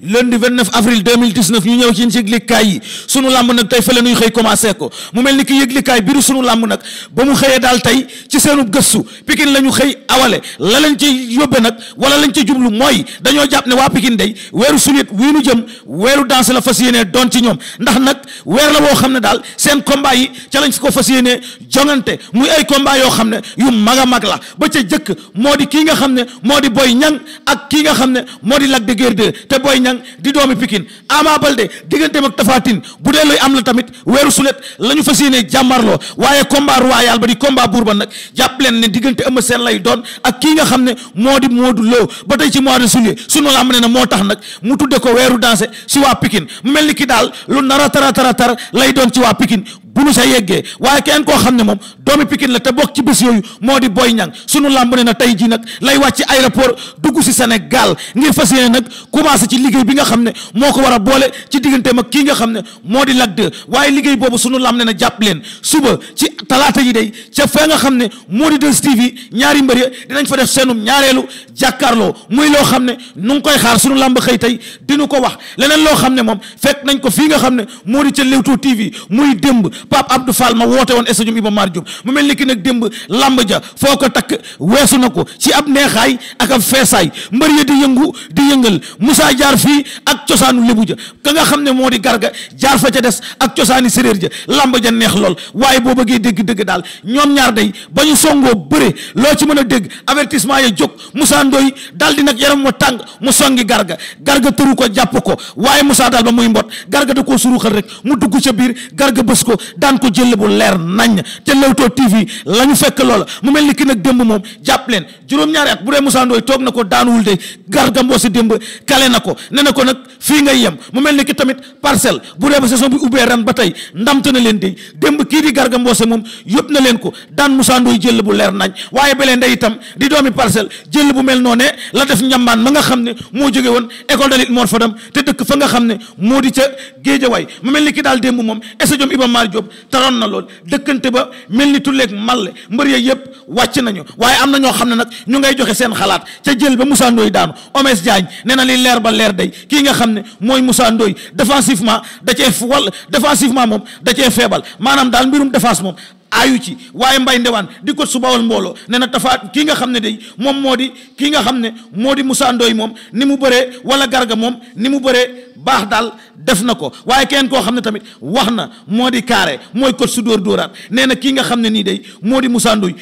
lundi 29 avril 2019 ñu ñëw ci yëglikaay yi sunu làmb nag tey fële nuy xëy commencé ko mu mel ni ki yëglikaay biiru sunu làmb nag ba mu xëyee daal tey ci seenu gëstu Pikine la ñu xëy awale la leen ci yóbbe nag wala lañ ci jublu mooy dañoo jàpp ne waa Pikine day weeru sulit wii nu jëm weeru dance la fas yéenee doon ci ñoom ndax nag weer la woo xam ne daal seen combat yi ca lañ fi ko fas yéenee jongante muy ay combat yoo xam ne yu mag a mag la ba ca jëkk moo di kii nga xam ne moo di Boy Niang ak kii nga xam ne moo di Lac de Guiers 2 Niang di doomi Pikine Ama Baldé digganteem ak Tapha Tine bu dee luy am la tamit weeru sulet la ñu fas yéene jàmmarloo waaye combat royal ba di combat buur ba nag jàpp leen ne diggante Eumeu seen lay doon ak kii nga xam ne moo di moo Lo ba tey ci mois de su sunu la am ne na moo tax nag mu tudde ko weeru dansé si waa pikin mu mel ni kii daal lu nara tara tara lay doon ci waa Pikine bu nu sa yeggee waaye kenn koo xam ne moom doomi Pikine la te bokk ci bés yooyu moo di Boy Niang sunu làmb ne na tey jii nag lay wàcc aéroport dugg si Sénégal ngir fas yéene nag commencé ci liggéey bi nga xam ne moo ko war a ci digganteem ak kii nga xam ne moo di Lac 2 waaye liggéey boobu sunu làmb na jàpp leen suba ci talaata yi day ca fee nga xam ne moo di 2STV ñaari mbër ya fa def seenum ñaareelu jàkkaarloo muy loo xam ne nu ngi koy xaar sunu làmb xëy tey dinu ko wax leneen loo xam ne moom fekk nañ ko fii nga xam ne moo di ca Leewtoo TV muy démb Pape Abdou Fall ma woote woon stadium Iba Mar Diop mu mel ni ki nag démb làmb ja foo ko takk weesu na ko ci ab neexaay ak ab feesaay mbër ya di yëngu di yëngal musaa jaar fii ak cosaanu lébu ja ka nga xam ne moo di garga jaar fa ca des ak cosaanu séréer ja làmb ja neex lool waaye boo bëggee dégg dégg daal ñoom ñaar day ba ñu songoo bëre loo ci mën a dégg avertissement ya jóg Moussa Ndoye daal di nag yaram wa tàng mu songi garga garga tëru ko jàpp ko waaye Moussa daal ba muy mbot garga da koo suru xal mu dugg ca biir garga bës ko daan ko jël bu leer nañ te Leewtoo TV la ñu fekk loola mu mel ni ki nag démb moom jàpp leen juróom-ñaari at bu dee Moussa Ndoye toog na ko daanuwul de Garga Mbossé démb kale na ko ne ko nag fii ngay yem mu mel ni ki tamit parcelle bu dee ba saison bi ubbee ren ba tey ndamte na leen de démb kii di Garga Mbossé moom yóbbu na leen ko daan Moussa Ndoye jël bu leer nañ waaye beleen day itam di doomi parcelle jël bu mel noone la def njambaan ma nga xam ne moo jóge woon école de lutte Mor te dëkk fa nga xam ne moo di ca Géejawaay mu mel ni ki daal démb moom stade Iba Mar Diop taroon na lool dëkkante ba mel ni tulleeg màlle mbër ya yëpp wàcc nañu waaye am na ñoo xam ne nag ñu ngay joxe seen xalaat ca jël ba Moussa Ndoye daanu Omes Diagne nee na li leer ba leer day kii nga xam ne mooy Moussa Ndoye défensivement da cee wal défensivement moom da cee feebal maanaam daal mbirum défense moom ayu ci waaye mbay ndewaan di ko subawal mbooloo ne na tafaat kii nga xam ne day moom moo di kii nga xam ne moo di Moussa moom ni mu bëree wala garga moom ni mu bëree baax daal def na ko waaye kenn koo xam ne tamit wax na moo di carré mooy kot su door dóoraat nee na kii nga xam ne nii day moo di Moussa Ndoye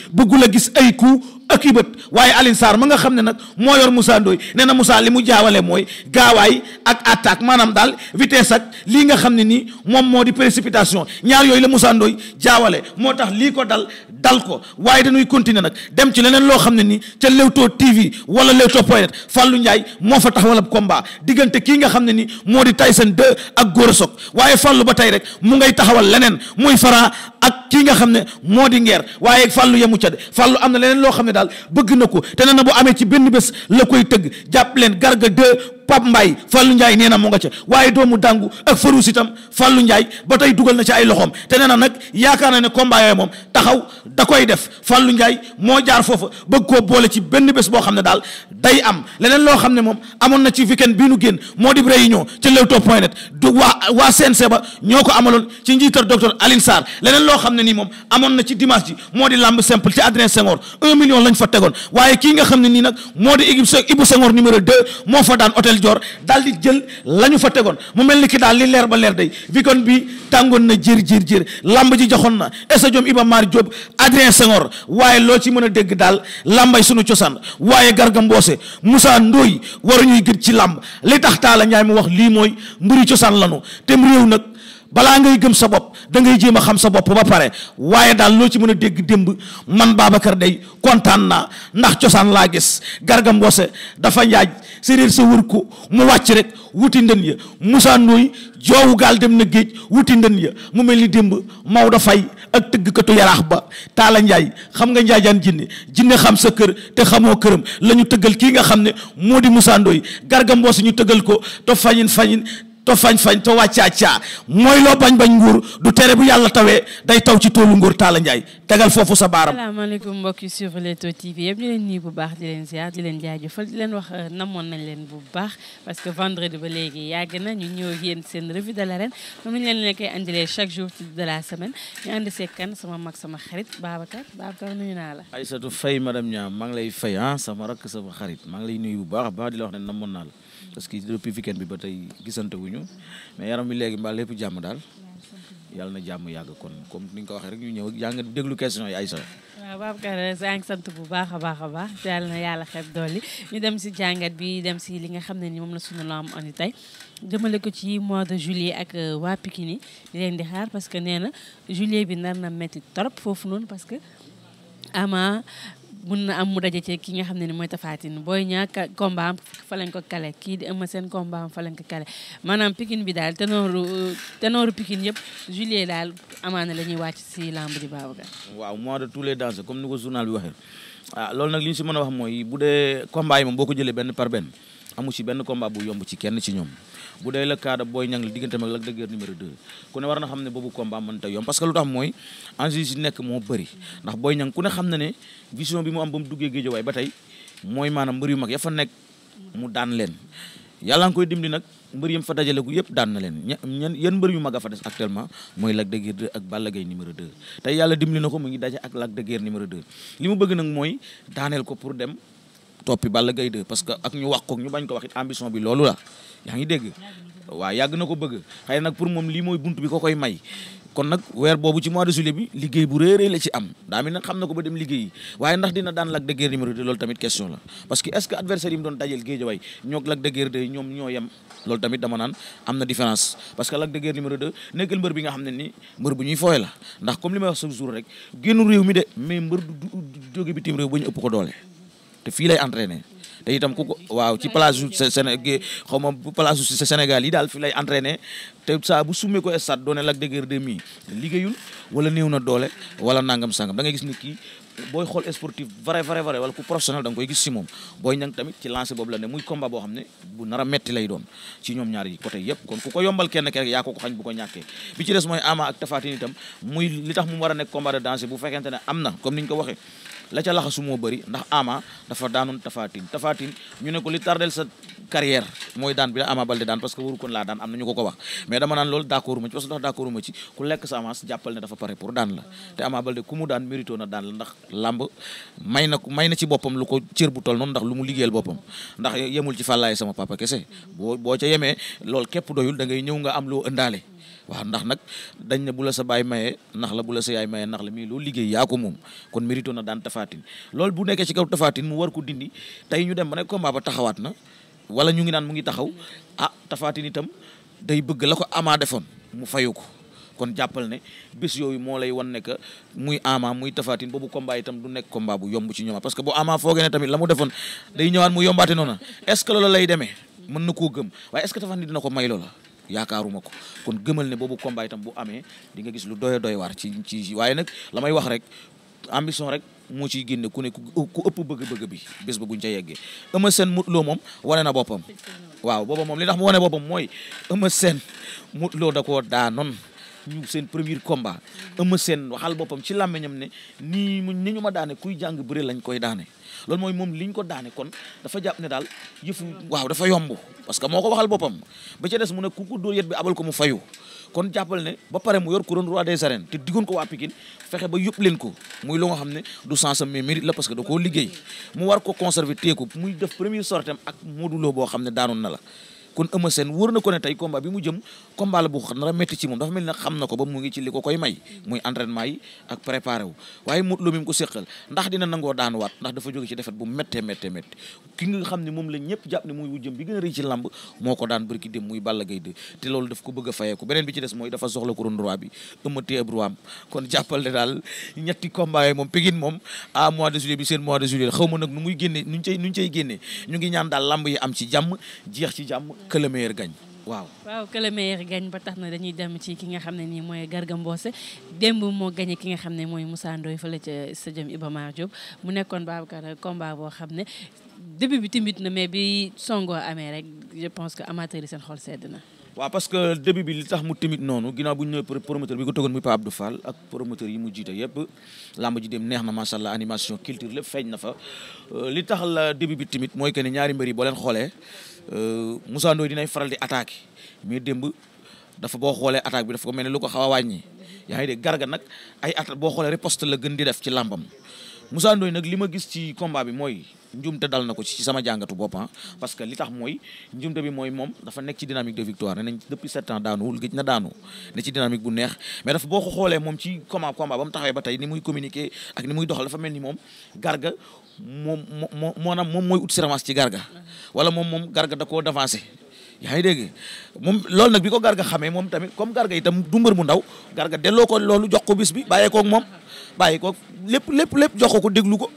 a gis ay coup ak i bët waaye Alioune Sarr ma nga xam ne nag moo yor Moussa Ndoye nee na li mu jaawale mooy gaawaay ak attaque maanaam daal vitesse ak lii nga xam ne nii moom moo di précipitation ñaar yooyu la Moussa Ndoye jaawale moo tax lii ko dal dal ko waaye dañuy continuer nag dem ci leneen loo xam ne nii ca Leewtoo TV wala Leewtoo point net Fallou Ndiaye moo fa taxawal ab combat diggante ki nga xam ne nii moo di Tyson 2 ak Gora Sock waaye Fallou ba tey rek mu ngay taxawal leneen muy Franc ak kii nga xam ne moo di ngeer waaye Fallou Sall bëgg na ko te na bu amee ci benn bés la koy tëgg jàpp leen Garga 2 Pape Mbaye Fallou Ndiaye nee na mu nga ca waaye doomu dàngu ak Farouz itam Fallou Ndiaye ba tey dugal na ci ay loxoom te nee nag yaakaar na ne combat moom taxaw da koy def Fallou Ndiaye moo jaar foofa bëgg koo boole ci benn bés boo xam ne daal day am leneen loo xam ne moom amoon na ci weekend moo di réunion ci Leewtoo point net du waa waa CNC ba ñoo ko amaloon ci njiital na ci dimanche ji moo di lamb simple ci Adrien Senghor un million lañ fa tegoon waaye kii nga xam ne nii nag moo di équipe Ibou numéro deux moo fa daan hôtel Joor daal di jël la ñu fa tegoon mu mel ni ki daal li leer ba leer day weekend bi tàngoon na jër jër jër lamb ji joxoon na stade Iba Mar Diop Adrien Senghor waaye loo ci mën a dégg daal làmbay sunu cosaan waaye Garga musaa Moussa Ndoye waruñuy gëj ci làmb li tax Talla Ndiaye mu wax lii mooy mbiri cosaan lanu te réew nag balaa ngay gëm sa bopp da ngay jéem a xam sa bopp ba pare waaye daal loo ci mën a dégg démb man Babacar day kontaan naa ndax cosaan laa gis Garga dafa njaaj séréer sa wër ko mu wàcc rek wuti ndën ya Moussa Ndoye joowu gaal dem na géej wuti ya mu mel ni démb Maodo fay ak katu yaraax ba Taala Njaay xam nga njaajaan jinne jinne xam sa kër te xamoo këram la ñu tëggal kii nga xam ne moo di Moussa Ndoye Garga Mbossé ñu tëggal ko te fañin fañin to fañ-fañ to wàccaacaa mooy loo bañ-bañ nguur du tere bu yàlla tawee day taw ci toolu nguur Talla Ndiaye tegal foofu sa baaram salaamaaleykum mbokk yi sur Leewtoo TV yëpp ñu leen nii bu baax di leen leen jaajëfal leen wax euh, namoon nañ leen bu baax parce que vendredi ba léegi yàgg na ñu ñëw yéen seen revue de l'arène moom nekkee leen koy andilee chaque jour de la semaine ñu ànd see sama mag sama xarit Babacar Babacar nuyu naa la Aïssatou Faye madame Niam maa ngi lay fay ah sama rakk sama xarit maa ngi lay nuyu bu baax baax di la namoon naa la parce que depuis weekend bi ba tey gisante wuñu mais yaram mi léegi mbaa lépp jàmm daal yàlla na jàmm yàgg kon comme ni nga ko waxee rek ñu ñëw yaa nga déglu question yi sant bu baax a baax a baax yàlla na yàlla xeeb doole ñu dem si jàngat bi dem si li nga xam ne ni moom na sunu la am andi tey jëmale ko ci mois de juillet ak euh, waa Pikine leen di xaar parce que nee na juillet bi nar na métti trop foofu noonu parce que ama mun na am mu daje ci ki nga xam ne ni mooy tafaatin booy ñaaka combat am fa lañ ko kale kii di ëmma seen combat fa lañ ko kale maanaam pikin bi daal tenooru euh, tenooru pikin yëpp juillet daal amaana la ñuy wàcc si lamb ji Babacar waaw mois de tous les danses comme ni ko journal bi waxee ah loolu nag li ñu si mën a wax mooy bu dee combat yi moom boo ko jëlee benn par benn amu si benn combat bu yomb ci kenn ci ñoom bu dee la kaada booy ñang la diggante mag Lac de Guiers numéro 2 ku ne war na xam ne boobu combat mënta yomb parce que lu tax mooy enjeu yi nekk moo bëri ndax booy ñang ku ne xam na ne vision bi mu am ba mu duggee géejawaay ba tey mooy maanaam mbër yu mag ya fa nekk mu daan leen yàlla nga koy dimbali fa dajale yëpp daan na leen ñan yan mbër yu mag a fa des actuellement mooy Lac de Guiers 2 ak Balla Gaye numéro 2 tey yàlla na ko mu ngi daje ak Lac de Guiers toppi Balla Gaye 2 parce que ak ñu wax ko ñu bañ ko wax it ambition bi loolu la yaa ngi dégg waaw yàgg na ko bëgg xëy nag pour moom lii bunt bi ko koy may kon nag weer boobu ci mois de juillet bi liggéey bu réeréy la ci am daa mel nag xam na ko ba dem liggéey waaye ndax dina daan Lac de Guiers numéro 2 loolu tamit question la parce que est-ce que adversaire yi mu doon dajel Guédiawaye ñoog Lac de Guiers 2 ñoom ñoo yem loolu tamit dama naan am te fii lay entraîné te itam ku ko waaw ci place su Sénégal xaw ma place su Sénégal yi daal fi lay entraîné te saa bu summee ko stade doone Lac de Guiers 2 mi liggéeyul wala néew na doole wala nangam sangam da ngay gis nit ki booy xool sportif vrai vrai vrai wala ku professionnel da koy gis si moom booy ñang tamit ci lancé boobu la ne muy combat boo xam ne bu nar a metti lay doon ci ñoom ñaar yi côté yëpp kon ku ko yombal kenn ke rek yaa ko ko xañ bu ko ñàkkee bi ci des mooy war a nekk combat bu fekkente ne am na comme niñ ko waxee la ca laxasu moo bëri ndax ama dafa daanoon tafatin tafatin ñu ne ko li tardel sa carrière mooy daan bi la ama balde daan parce que waru koon laa daan am na ñu ko ko wax mais dama naan loolu d'accord ma ci parce que ndax d'accord ma ci ku lekk sa avance jàppal ne dafa pare pour daan la te ama balde ku daan mérito na daan la ndax làmb may na ci boppam lu ko cër bu tol noonu ndax lu mu liggéeyal boppam ndax yemul ci fàllaay sama papa kese boo boo ca yemee loolu képp doyul da ngay ñëw nga am loo ëndaale waaw ndax nag dañ ne bu la sa baay mayee nax la bu la sa yaay mayee nax la mii loolu liggéey yaa moom kon mérito na daan tafaatin lool bu nekkee ci kaw tafaatin mu war ko dindi tey ñu dem ba ne combat ba taxawaat na wala ñu ngi naan mu ngi taxaw ah tafaatin itam day bëgg la ko amaa defoon mu fayu ko kon jàppal ne bés yooyu moo lay wan ne que muy ama muy tafaatin boobu combat itam du nekk combat bu yomb ci ñooma parce que bu ama foogee ne tamit la mu defoon day ñëwaat mu yombaate noona est ce que loola lay demee mën na koo gëm waaye est ce que tafaatin ko may loola yaakaaruma ko kon gëmal ne boobu combat tam bu amee di nga gis lu doy doy waar ci ci waaye nag la may wax rek ambition rek moo ciy génne ku ne ku ëpp bëgg-bëgg bi bis ba buñ ca yeggee Eumeu Sène Modou Lô moom wane na boppam waaw booba moom li tax mu wane boppam mooy Eumeu Sène Modou Lô da koo daanoon ñu seen premier combat Eumeu seen waxal boppam ci làmmiñam ne nii mu ni ñu ma daane kuy jàng bëre lañ koy daane loolu mooy moom li ñu ko daane kon dafa jàpp ne daal yëfu waaw dafa yomb parce que moo ko waxal boppam ba des mu ne ku ko dóor yet bi abal ko mu fayu kon jàppal ne ba pare mu yor couronne roi des arènes te diggoon ko waa Pikine fexe ba yóbbu leen ko muy lu nga xam ne du sens mais mérite la parce que da koo liggéey mu war ko conserver téye ko muy def premier sortem ak Modou boo xam ne daanoon na la kon Eumeu Sène wër na ko ne tey combat bi mu jëm combat la bu nara métti ci moom dafa mel ne xam na ko ba mu ngi ci dina nangoo daanuwaat ndax dafa jóge ci defet bu méttee méttee métti ki nga moom la ñëpp jàpp ne muy wu jëm ko daan bërki dem muy Balla loolu daf ko bëgg a fayeeku beneen bi ci des dafa soxla couronne roi bi Eumeu téye ab kon jàppal daal ñetti combat yi moom Pikine moom à ah, mois de juillet bi seen mois de juillet xaw ma nag nu muy génne nuñ cay génne ñu ngi ñaan daal làmb yi am ci jàmm jeex ci jàmm que le meilleur ba tax na dañuy dem ci ki nga xam ne nii mooy Garga Mbossé démb moo gañe ki nga xam ne mooy Moussa Ndoye fële ca stadium Iba Mar Diop mu nekkoon Babacar combat boo xam ne début bi timit na mais bi songoo amee rek je na. waaw parce que début bi noonu ginnaaw bu ñu nee promoteur bi ko tëggoon muy Pape Abdou Fall ak promoteur yi mu jiite yëpp làmb ji dem neex na macha allah animation culture lépp feeñ na fa euh, li tax la début bi timit mooy que ñaari mbër yi boo xoolee. Euh, Moussa Ndoye dinay faral di attaqué mais démb dafa boo xoolee attaque bi dafa ko mel ne lu ko xaw a wàññi yaa ngi dégg garga nag ay attaque boo xoolee riposte la gën di def ci làmbam Moussa Ndoye nag li ma gis ci combat bi mooy njumte dal na ko ci sama jàngatu boppam ah. parce que li tax mooy njumte bi mooy moom dafa nekk ci dynamique de victoire ne nañ depuis sept ans daanuwul gëj na daanu ne ci dynamique bu neex mais dafa boo xoolee moom ci combat combat ba mu taxawee ba tey ni muy communiquer ak ni muy doxal dafa mel ni moom garga moom moo moo moom mooy ut ci garga mm-hmm. wala moom moom garga da koo devancer yaa ngi dégg moom loolu nag bi ko garga xamee moom tamit comme garga itam du mbër mu ndaw garga delloo ko loolu jox ko bis bi bàyyee koog moom bàyyi koog lépp lépp lépp jox ko ko déglu ko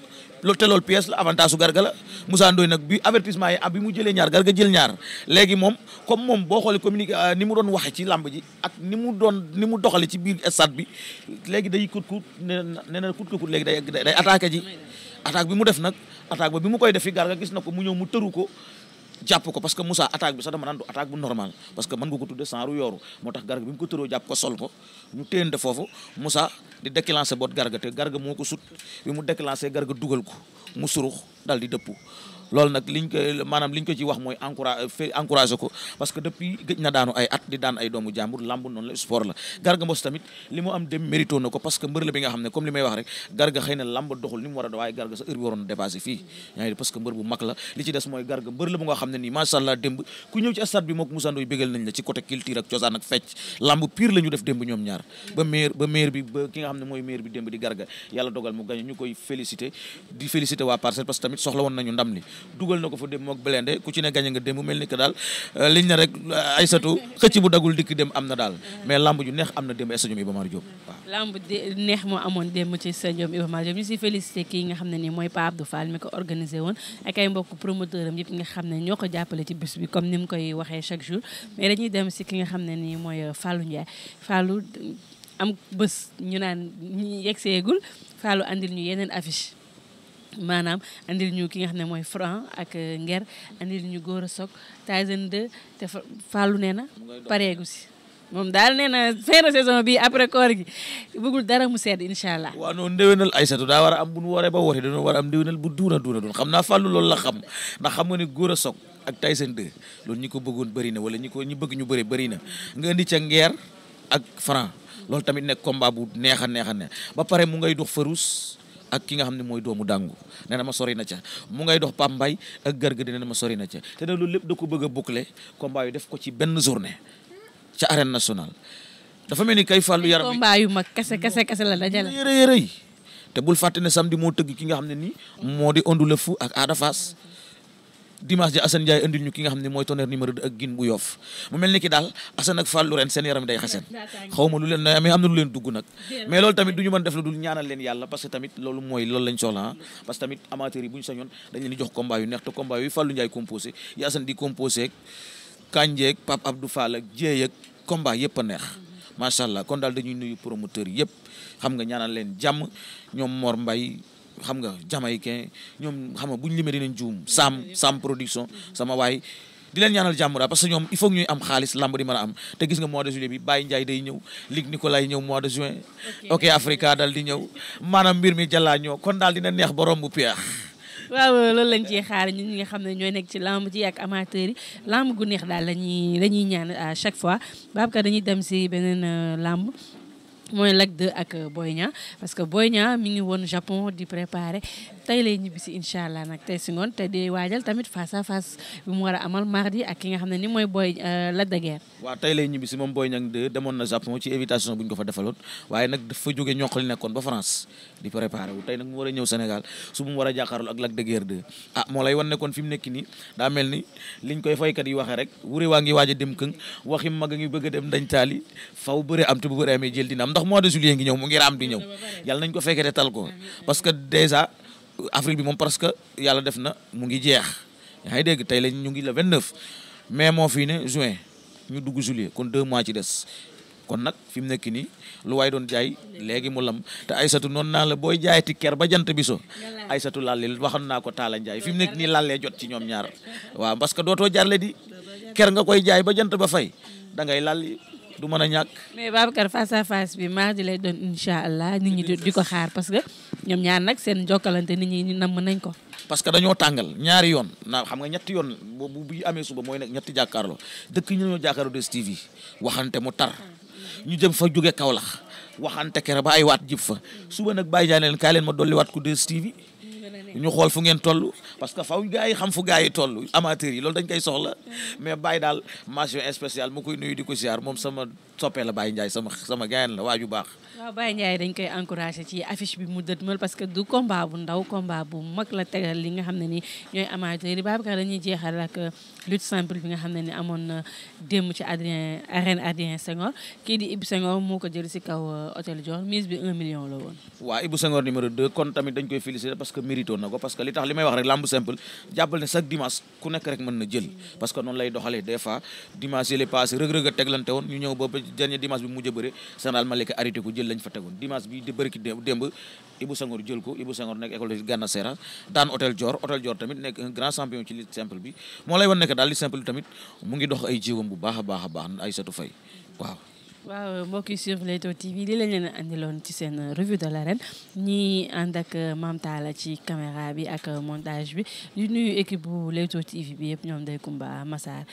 loolu te lool pièce la avantage su garga la Moussa Ndoye nag bi avertissement yi bi mu jëlee ñaar garga jël ñaar léegi moom comme moom boo xoolee communiqué euh, ni mu doon waxe ci làmb ji ak ni mu doon ni doxale ci biir stade bi léegi day kut kut nee na kut kut léegi day day attaqué ji attaque bi mu def nag attaque ba bi mu koy def fi garga gis na ko mu ñëw mu tëru ko jàpp ko parce que Moussa attaque bi sax dama naan du attaque bu normal parce que mën nga ko tudde sans yooru moo tax garga bi mu ko tëroo jàpp ko sol ko ñu téen de foofu Moussa di déclenché boot garga te garga moo ko sut bi mu déclenché garga dugal ko mu surux dal di dëpp loolu nag liñ ko maanaam liñ ko ci wax mooy encouragé euh, encouragé ko parce que depuis gëj na daanu ay at di daan ay doomu jàmbur lamb noonu la sport la garga mbos tamit li mu am dem mérito na ko parce que mbër la bi nga xam ne comme li may wax rek garga xëy a waaye garga a dépassé mooy garga mbër la bu nga xam ne nii macha bi mook di garga yàlla dogal mu gañu ñu koy félicité di félicité waa parce que tamit soxla woon nañu ndam li dugal na ko fa dem mook Blindé ku ci ne gañ nga dem mu mel ni que daal euh, liñ ne rek Aysatu xëcc bu dagul dikk dem am na daal mais lamb ju neex am na dem stadium Iba Mar Diop neex moo amoon dem ci stadium Iba Mar Diop ñu si félicité kii nga xam ne nii mooy Pape Abdou Fall mi ko organisé woon ak ay mbokk promoteur am nga xam ne ñoo ko jàppale ci bis bi comme ni mu koy waxee chaque jour mais dañuy dem si ki nga xam ne nii mooy euh, Fallou Ndiaye Fallou am bés ñu naan ñu yegg seegul Fallou andil ñu yeneen affiche maanaam andil ñu ki nga xam ne mooy Franc ak euh, Nger andil ñu góor Gora Sock Tyson 2 te Fallou nee na pareegu si moom daal nee na fin de saison bi après koor gi bëggul dara mu sedd incha allah waaw noonu ndéwénal Aïssatou daa war am bu nu waree ba wootee dañoo war a am ndéwénal bu duuna duuna doon xam naa Fallou loolu la xam ndax xam nga ne Gora Sock ak Tyson 2 loolu ñi ko bëggoon bëri na wala ñi ko ñi bëgg ñu bëri bëri na nga indi ca Nger ak Franc loolu tamit nekk combat bu neex a neex a ba pare mu ngay dox faruus ak ki nga xam ne mooy doomu dàngu nee na ma sori na ca mu ngay dox Pape Mbaye ak gërgë di nee na ma sori na ca te ne loolu lépp da ko bëgg a boucler combat yu def ko ci benn journée ca arène nationale dafa mel ni kay fàllu yaram combat yu kese kese kese la dajale yërëy yërëy te bul fàtte ne samedi moo tëgg ki nga xam ne nii moo di ondu la ak Ada Fass dimanche ji Assane Ndiaye andil ñu ki nga xam ne mooy tonnerre numéro 2 ak gin bu yoof mu mel ni ki daal Assane ak Fallou ren seen yaram day xasan xaw lu leen mais am na lu leen dugg nag mais loolu tamit du ñu mën def lu dul ñaanal leen yàlla parce tamit loolu mooy loolu lañ soxla ah tamit amateurs yi bu ñu dañ di jox combat yu neex te combat yu Fallou Ndiaye composé yi Assane di composé ak Kandji ak Pape Abdou Fall ak Dieye yëpp a neex mm-hmm. macha allah kon daal dañuy nuyu promoteurs yëpp xam nga ñaanal leen jàmm ñoom Mor Mbaye xam nga jamaïcain ñoom xam nga buñ limee dinañ juum sam sam production sama waay di leen ñaanal jàmm daal parce que ñoom il faut ñuy am xaalis lamb di mën a am te gis nga di ñëw maanaam mbir mi jàllaa ñoo kon daal dina neex borom bu peex waaw loolu lañ ciy xaar ñun ñi xam ne ñooy nekk ci lamb ji ak amateur lamb gu neex daal lañuy la ñuy ñaan à chaque fois Babacar dañuy dem si beneen euh, lamb mooy Lac 2 ak Boy Niang parce que Boy Niang si ngoon te di a amal ki nga xam ne ni mooy Boy euh, Lac de Guiers. waaw tey lay ñibbisi moom na Japon ci invitation bu ñu ko fa defaloon waaye a ñëw Sénégal a jàkkaarloo ak Lac de Guiers 2 ah, moo lay wan nekkoon fi mu nii daa mel ni liñ koy faykat yi waxee rek wure waa ngi waaj a dem këng waxi mag a ngi bëgg dem dañ taali faw bëre am te bu bëre amee jël dina am ndax mois de juillet ngi ñëw mu ngi raam di ñëw yàlla nañ ko fekkee de tal ko parce que déjà avril bi moom parce que yàlla def na mu ngi jeex yaa ngi dégg tey lañ ñu ngi le 29 mais moo fii ne juin ñu dugg juillet kon deux mois ci des kon nag fi mu nekk nii lu waay doon jaay léegi mu lam te ay satu noon naa la booy ti ker ba jant bi so Aysatu lalle waxoon naa ko Talla njaay fi mu nekk nii lalle jot ci ñoom ñaar waaw parce que dootoo jarle di ker jaay ba jant ba fay du mën a ñàkk. mais Babacar face à face bi mardi lay doon incha allah nit ñi di ko xaar parce que ñoom ñaar nag seen jokkalante nit ñi nam nañ ko. parce que dañoo tàngal ñaari yoon naa xam nga ñetti yoon bu bu amee suba mooy nekk ñetti jàkkaarloo dëkk ñu dañoo jàkkaarloo des TV waxante mu tar ñu jëm fa jóge Kaolack waxante kere ba ay waat jib fa suba nag bàyyi jaa leen kaay leen ma dolliwaat ku des TV. ñu xool fu ngeen toll parce que faw gars yi xam fu gars yi toll amateurs yi loolu dañ koy soxla mm. mais bàyyi daal mention spéciale mu koy nuyu di ko ziar moom sama soppee la Baye Ndiaye sama sama la waa baax. waaw Baye Ndiaye dañ koy encouragé ci affiche bi mu dëtmal parce que du combat bu ndaw combat bu mag la tegal li may wax rek lamb simple jàppal ne chaque dimanche ku nekk rek mën na jël parce que noonu lay doxalee des fois yi lay passé rëg-rëg a teglante woon ñu ñëw boobu dernier dimanche bi mujj a bëre général Malika arrêté ko jël lañ fa tegoon dimanche bi di bëri ki démb Ibou Sangor jël ko Ibou Sangor nekk école de Gana daan hôtel Dior hôtel Dior tamit bi moo lay wan mu ngi dox ay jiwam bu baax a baax a baax Aïssatou Faye waaw waaw mbokk yi sur TV li lañ leen andiloon ci seen revue de l'arène ñi ànd ak ci caméra bi ak montage bi di équipe bu Leewtoo TV bi yëpp ñoom day Kumba Massar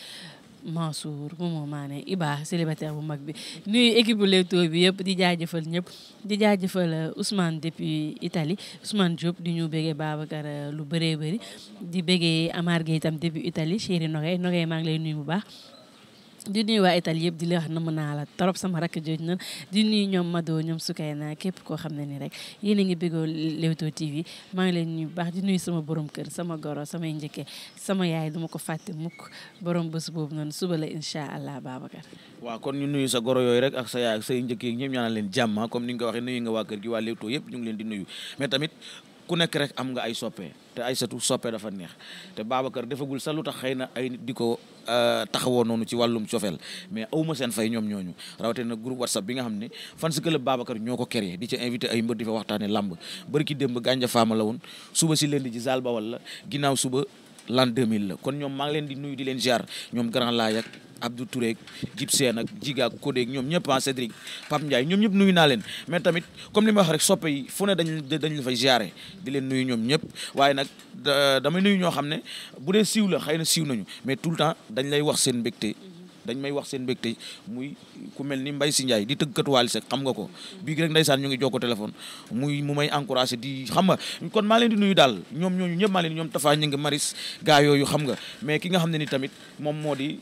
Mansour bu moo maane Iba célibataire bu mag bi nuyu équipe bu Leewtoo bi yëpp di jëfal ñëpp di jëfal euh, Ousmane depuis Italie Ousmane Diop di ñu bëggee Babacar euh, lu bëree bëri di bëggee amaar Gueye itam depuis itali chéri Nogay Nogay maa ngi lay nuyu bu baax di nuyu waa Italie yëpp di la wax na mën naa la trop sama rakk jooju noonu di nuyu ñoom Mado ñoom Sukayna képp koo xam ne nii rek yéen a ngi bëggoo Leewtoo TV maa ngi leen nuyu baax di nuyu sama borom kër sama goro samay njëkkee sama yaay duma ko fàtte mukk borom bés boobu noonu suba la incha allah Babacar. waaw kon ñu nuyu sa goro yooyu rek ak sa yaay ak say njëkke yi ñëpp ñaanal leen jàmm comme ni nga ko waxee nuyu nga waa kër gi waa Leewtoo yëpp ñu ngi leen di nuyu mais tamit. ku nekk rek am nga ay soppe te ay satu soppe dafa neex te Babacar defagul sa lu tax xëy na ay nit di ko euh, taxawoo noonu ci wàllum cofeel mais awma seen fay ñoom ñooñu na groupe whatsapp bi nga xam ne fan fans club Babacar ñoo ko créé di ci invité ay mbër di fa waxtaane làmb bërki démb gànja faama la woon suba si leen di ji zal bawal la ginnaaw suba l'an 2000 la kon ñoom maa ngi leen di nuyu di leen ziar ñoom grand laay ak Abdou Touré ak Jib Seen ak Jiga ak Codé ak ñoom ñëpp ah Cédric Pape Ndiaye ñoom ñëpp nuyu naa leen mais tamit comme li ma wax rek soppe yi fu ne dañ dañ la fay ziare di leen nuyu ñoom ñëpp waaye nag dama nuyu ñoo xam ne bu dee siiw la xëy na siiw nañu mais tout le temps dañ lay wax seen mbégte dañ may wax seen mbégte muy ku mel ni mbay si Ndiaye di tëggkat Wally Seck xam nga ko bii rek ndeysaan ñu ngi jokkoo téléphone muy mu may encouragé di xam nga kon maa leen di nuyu daal ñoom ñooñu ñëpp maa leen ñoom Tafa ñu ngi maris gaa yooyu xam nga mais ki nga xam ne ni tamit moom moo di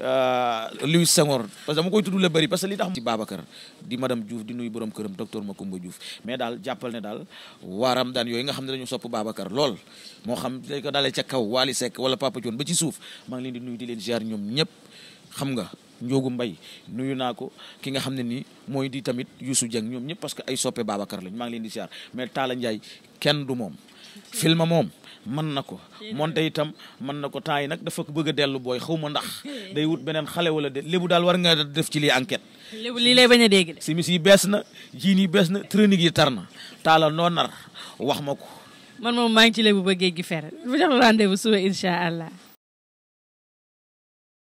euh, Louis Senghor parce que dama koy tudd la bëri parce que li tax ci Babacar di madame Diouf di nuyu borom këram docteur Makumba Diouf daal jàppal ne daal waaram daan yooyu nga xam ne dañu sopp Babacar lool moo xam dañ ko dalee ca kaw Wally Seck wala Papa Thione ba ci suuf maa ngi leen di nuyu di leen ziar ñoom ñëpp xam nga Njoogu Mbay nuyu naa ko ki nga xam ne nii mooy di tamit Youssou Dieng ñoom ñëpp parce que ay soppe Babacar lañ maa ngi leen di siyaar mais Talla Ndiaye kenn du moom filma moom na ko monte itam mën na ko temps yi nag dafa bëgg dellu booy xaw ma ndax day wut beneen xale wala de lébu daal war nga def ci lii enquête lébu lii lay bañ a dégg de simis yi bees na jiin yi bees na tronique yi tar na taala noo nar wax ma ko man moom maa ngi ci lébu ba géej gi fere bu jox rendez-vous allah